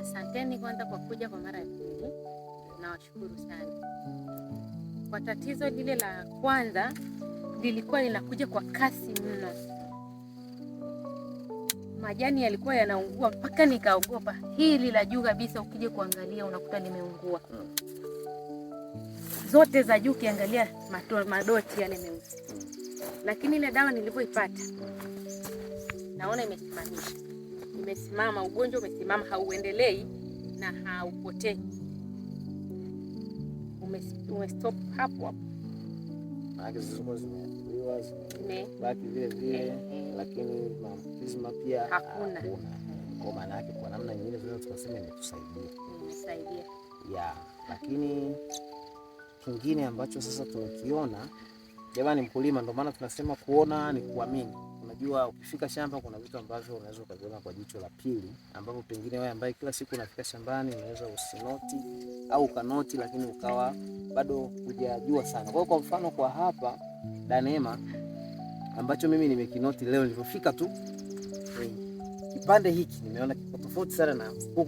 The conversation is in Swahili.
asanteni kwanza kwa kuja kwa mara ya pili, nawashukuru sana. Kwa tatizo lile la kwanza lilikuwa linakuja kwa kasi mno, majani yalikuwa yanaungua mpaka nikaogopa. Hili la juu kabisa, ukija kuangalia unakuta limeungua zote za juu, ukiangalia madoti yale meusi. Lakini ile dawa nilivyoipata, naona imesimamisha imesimama, ugonjwa umesimama, hauendelei na haupotei, umestop hapo hapo imetusaidia ya, lakini kingine ambacho sasa tumekiona, jamani, mkulima, ndio maana tunasema kuona ni kuamini unajua ukifika shamba kuna vitu ambavyo unaweza ukaviona kwa jicho la pili, ambapo pengine wewe ambaye kila siku unafika shambani unaweza usinoti au ukanoti, lakini ukawa bado hujajua sana. Kwa kwa mfano kwa hapa Danema ambacho mimi nimekinoti leo nilipofika tu, eh, kipande hiki nimeona kiko tofauti sana na